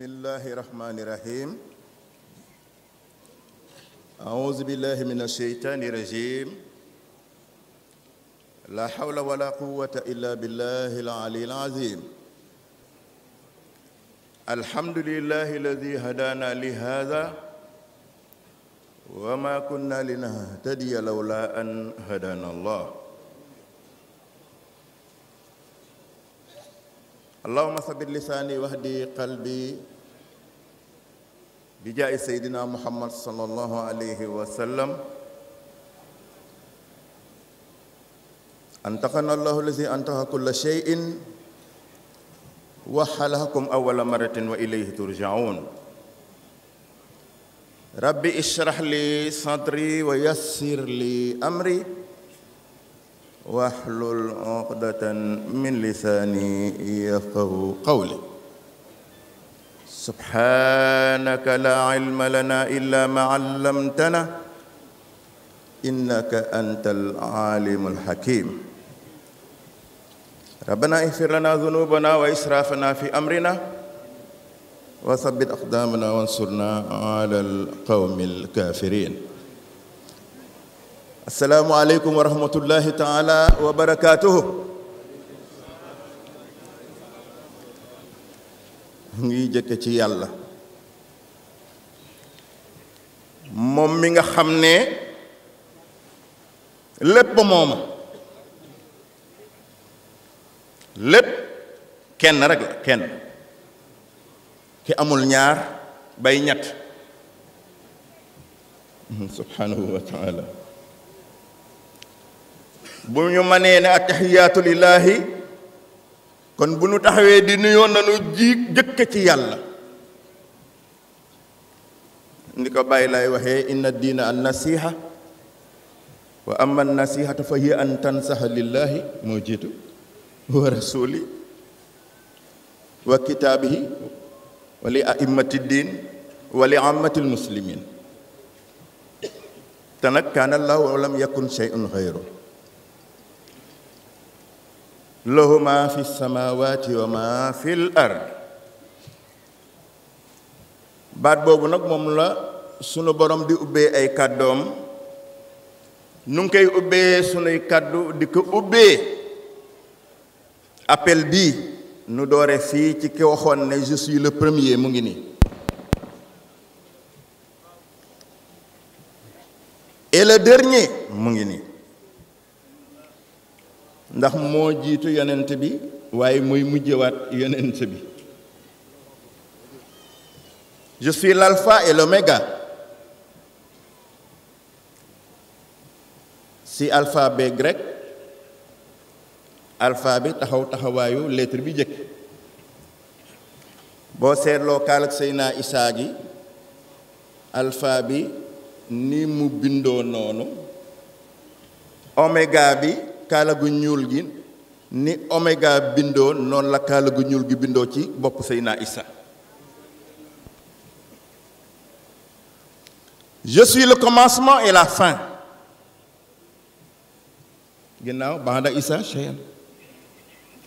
الله الرحمن الرحيم أعوذ بالله من الشيطان الرجيم لا حول ولا قوة إلا بالله العلي العظيم الحمد لله الذي هدانا لهذا وما كنا لنهتدي لولا أن هدانا الله اللهم ثبت لساني واهدي قلبي بجاء سيدنا محمد صلى الله عليه وسلم أنتقنا الله الذي أنتهى كل شيء وحلهكم أول مرة وإليه ترجعون رب اشرح لي صدري ويسر لي أمري واحلل عقدة من لساني يفقه قولي سبحانك لا علم لنا إلا ما علمتنا إنك أنت العالم الحكيم ربنا اغفر لنا ذنوبنا وإسرافنا في أمرنا وثبت أقدامنا وانصرنا على القوم الكافرين السلام عليكم ورحمة الله تعالى وبركاته ngi jëkke ci yàlla moom mi nga xam ne lépp mooma lépp kenn rek la kenn ki amul ñaar bay ñett subhanahu wa taala bu ñu mënee ne attahiyaatu lillaahi kon bu ñu taxawee di nuyoo nanu ji jëkk ci yàlla ni ko bàyyi lay waxee inna diina an nasiha wa amma an nasihata fa hiya an tansaha lillaahi moo jiitu wa rasuli wa kitaabihi wa li aimati diin wa li te nag kaan allahu wa lam yakun shay'un xayru lahu ma fi samawati wa ma fi ard baat boobu nag moom la sunu borom di ubbee ay kàddoom nu ngi koy ubbee sunuy kàddu di ko ubbee appel bii Nous doore fi ci ki waxone je suis le premier mu ngi et le dernier mu ngi nii ndax mo jitu yonent bi waaye mooy mujjewaat yonent bi je suis l'alpha et l'oméga si alpha b grec Alphabet, bi taxaw taxawaayu lettre bi jëkk boo seetloo kaalak Seydina Isaa gi alpha bi ni mu bindo noonu oméga bi kaala gu ñuul gi ni oméga bindo non la kaala gu ñuul gi bindoo ci bopp je suis le commencement et la fin ginnaaw banda Isa, shay'an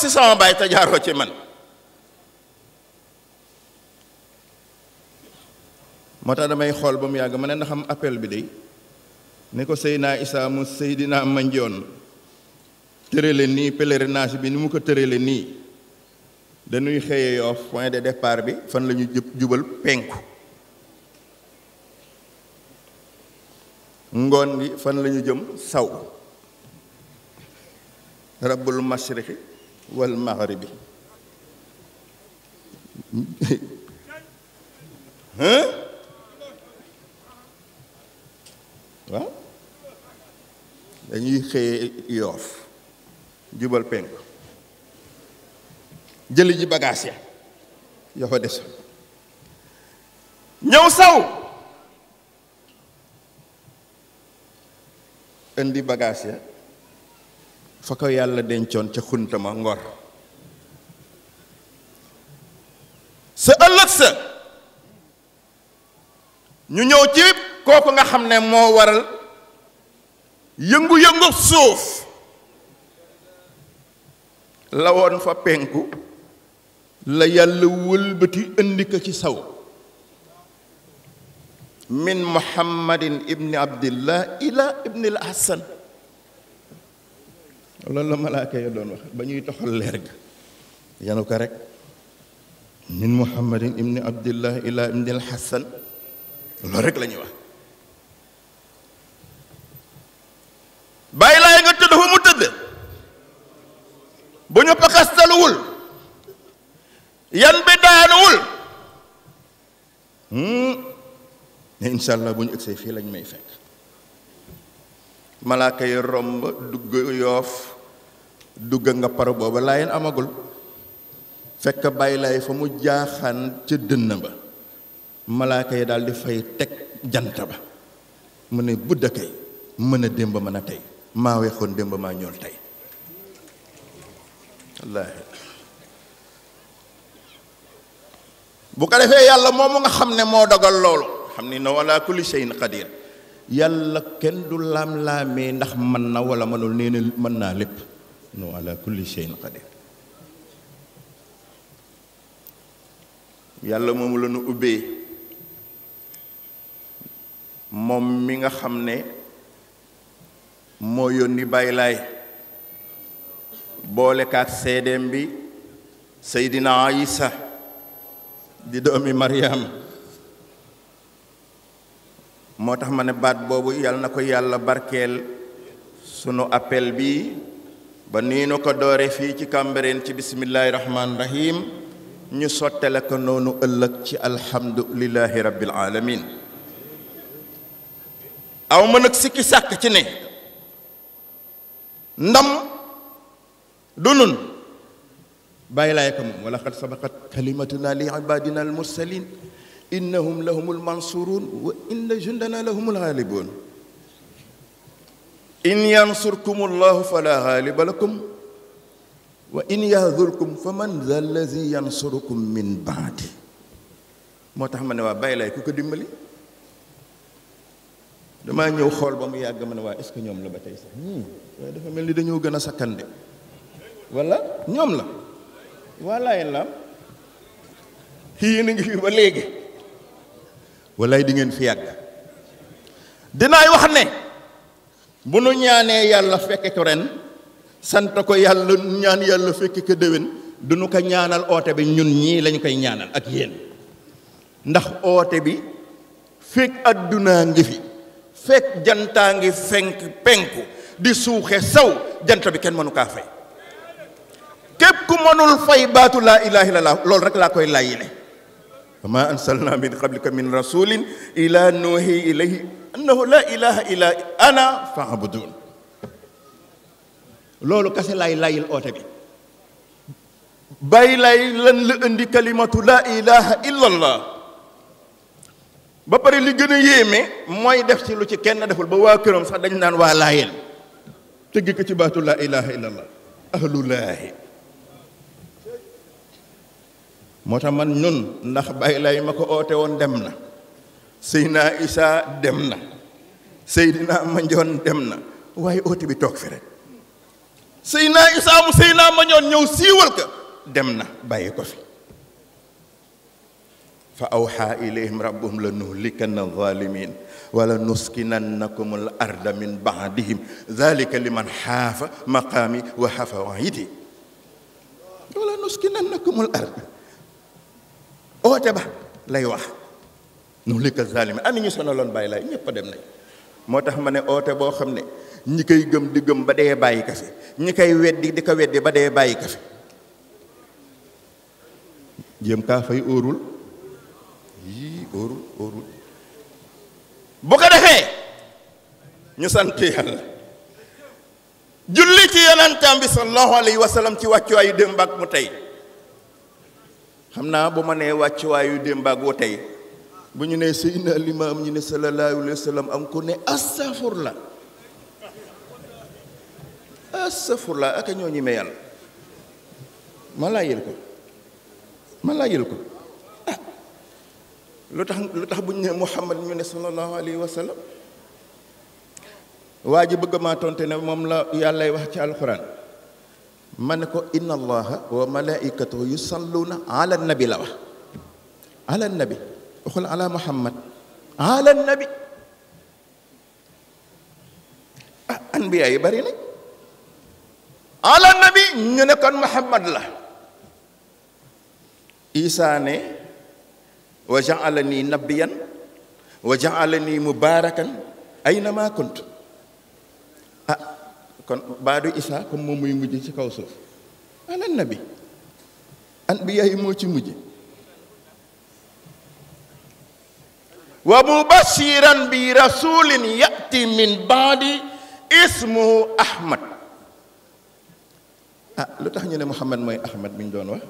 si sama baay ta jaaroo ci man moo damay xol bam yag mané na xam appel bi day ne ko sayna isa mu sayidina manjon terele ni pèlerinage bi ni mu ko ni da nuy xeye yo point de départ bi fan lañu jubal penku ngon gi fan lañu jëm saw rabbul mashriqi wal maghribi hein waaw dañuy xëye yoof jubal penk jëli ji bagaas ya ya fa des saw indi bagaas ya fa ko yàlla dencoon ca xuntama ngor sa ëllëg sa ñu ñëw ci kooku nga xam ne moo waral yëngu-yëngu suuf la woon fa penku la yàlla wëlbati indi ko ci saw min muhammadin ibni abdillah ila ibnil hasan loolu la malaaka ya doon wax ba ñuy toxal yanu ko rek min muhammadin ibni abdillah ila ibni alxasan loolu rek la ñuy wax bàyyi laay nga tëdd fu mu tëdd bu yan bi daanuwul hmm. ne incha allah bu ñu fii lañ may fekk malaaka yi romb dugg yoof dugg nga paru booba laayeen amagul fekk bàyyi fa mu jaaxaan ca dënn ba malaaka yi daal di fay teg jant ba mu ne budda kay mën a démb mën a tey maa weexoon démb maa ñool tey bu ko defee yàlla moomu nga xam ne moo dogal loolu xam ni na wala kulli shay'in qadir yàlla kenn du laam-laamee ndax mën na wala mënul nee mën naa lépp no ala kulli shay'in qadir yàlla moomu la nu ubbee moom mi nga xam ne moo yónni bàyyi boole kaak seedeem bi Seydina Isa di doomi Maryam motax mané bat bobu baat boobu yàlla na yàlla barkeel sunu appel bi ba nino ko doré fi ci Cambérène ci bismillahir rahmanir rahim ñu sottale ko nonu ëlëk ci alhamdulillahi rabbil alamin aw ma nag sikki sàkk ci ne ndam du nun bàyyi laay ko moom wala khat sabaqat kalimatuna li ibadina al mursalin إنهم لهم المنصورون وإن جندنا لهم الغالبون إن ينصركم الله فلا غالب لكم وإن يهذركم فمن ذا الذي ينصركم من بعده ما تحمل نوا بايلا يكوك دملي دما نيو خول بام ياغ منوا اسك نيوم لا باتاي سا هم دا فا ملني دانيو غنا سكان دي ولا نيوم لا ولا يلا هي نغي في با ليغي walaay di ngeen fi yàgg dinaay wax ne bu nu ñaanee yàlla fekke ko ren sant ko yàlla ñaan yàlla fekk ko déwén du nu ko ñaanal oote bi ñun ñii lañu koy ñaanal ak yéen ndax oote bi fekk addunaa ngi fi fekk jantaa ngi fenk penku di suuxe saw jant bi kenn mënu kaa fay képp ku mënul fay baatu laa ilaaha illallaah loolu rek laa koy làyyi ne فما أنزلنا من قبلك من رسول إلى نوحي إليه أنه لا إله إلا أنا فاعبدون لولو كاسي لاي لاي الأوتي باي لاي لن لأندي كلمة لا إله إلا الله بابري اللي جنو يمي موي دف سي لوتي كين دفول بوا كيروم سا دنج نان وا لايل تيغي كتي باتو لا إله إلا الله أهل الله moo man ñun ndax bay lay mako oté won woon dem na Seydina Isa dem na Seydina Mandione dem na waaye oote bi tok fi rek sayna Isa mu sayna manjon ñëw siwal ka dem na bàyyi ko fi fa awha ilayhim rabbuhum la nuhlikanna zalimin wala nuskinannakum al arda min ba'dihim dhalika liman hafa maqami wa hafa waidi wala nuskinannakum al arda oote ba lay wax nu likka zalimi am ñu sonaloon bàyyi laay ñëpp dem nañ moo tax ma ne oote boo xam ne ñi koy gëm di gëm ba dee bàyyi ka fi ñi koy weddi di ko weddi ba dee bàyyi ka fi jéem kaa fay óorul yii óorul óorul bu ko defee ñu sant yàlla julli ci yonantaam bi sallallahu alayhi wa sallam ci wàccuwaayu démb ak mu tey xam naa bu ma nee wàccuwaayu démb ak wu tey bu ñu nee Seydina Limaam ñu ne sallallahu alayhi wa sallam am ku ne astafurla astafurla ak a ñoo ñi me yàlla ma laajal ko ma laajal ko ah. lu tax lu tax bu ñu nee Muhammad ñu ne sallallahu alayhi wa waa ji bëgg maa tonte ne moom la yàllay wax ci alxuraan منكو إن الله وملائكته يصلون على النبي لوا على النبي أخل على محمد على النبي أنبياء يبرين على النبي ينكن محمد الله عيسى وجعلني نبيا وجعلني مباركا أينما كنت kon baadu isa comme moom muy mujj ci kaw suuf anan nabi anbiya yi moo ci mujj wa mubashiran bi rasulin yati min baadi ismuhu ahmad ah lu tax ñu ne muhammad mooy ahmad bi ñu doon wax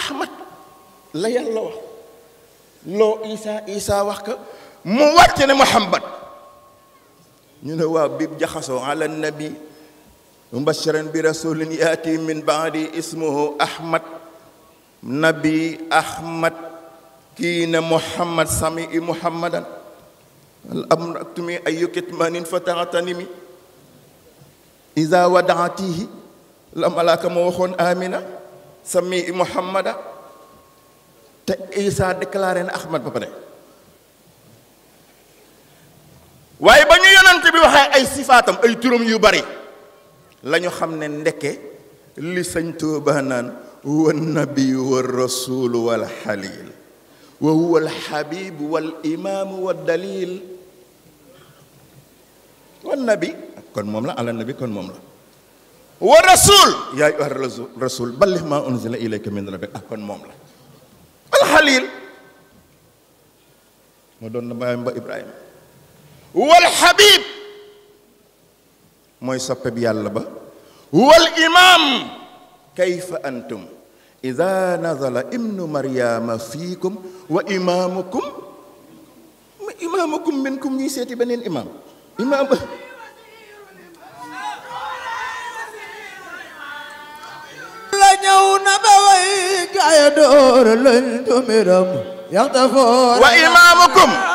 ahmad la yàlla wax loo isa isa wax ka mu wàcc ne muhammad ñu ne waaw bi jaxasoo ala nabi mubashiran bi rasulin yaati min baadi ismuhu ahmad nabi ahmad kii ne muhammad sami i muhammadan الأمر أكتمي أي كتمان فتعتنمي إذا ودعتيه لما لاك موخون آمنا سمي محمد تأيسا ahmad ba pare واي بني bi waxe ay sifatam ay turum yu bari lañu xamne ndeke li sëñ Tuubaa nan wa nabi wa rasul wal halil wa huwa al habib wal imam wa dalil wa nabi kon mom la ala nabi kon mom la wa rasul ya ayyuha rasul ballix ma unzila ilayka min rabbik ah kon mom la al halil moo doon na baayam ba Ibrahima wal xabib mooy soppe bi yàlla ba huwal imaam kayfa antum ida nazala ibnu maryama fiikum wa imaamukum imaamukum minkum ñuy seeti beneen imaam imaam la ñëw na ba way gaaya door lañ tumiram yaxtafoor wa imaamukum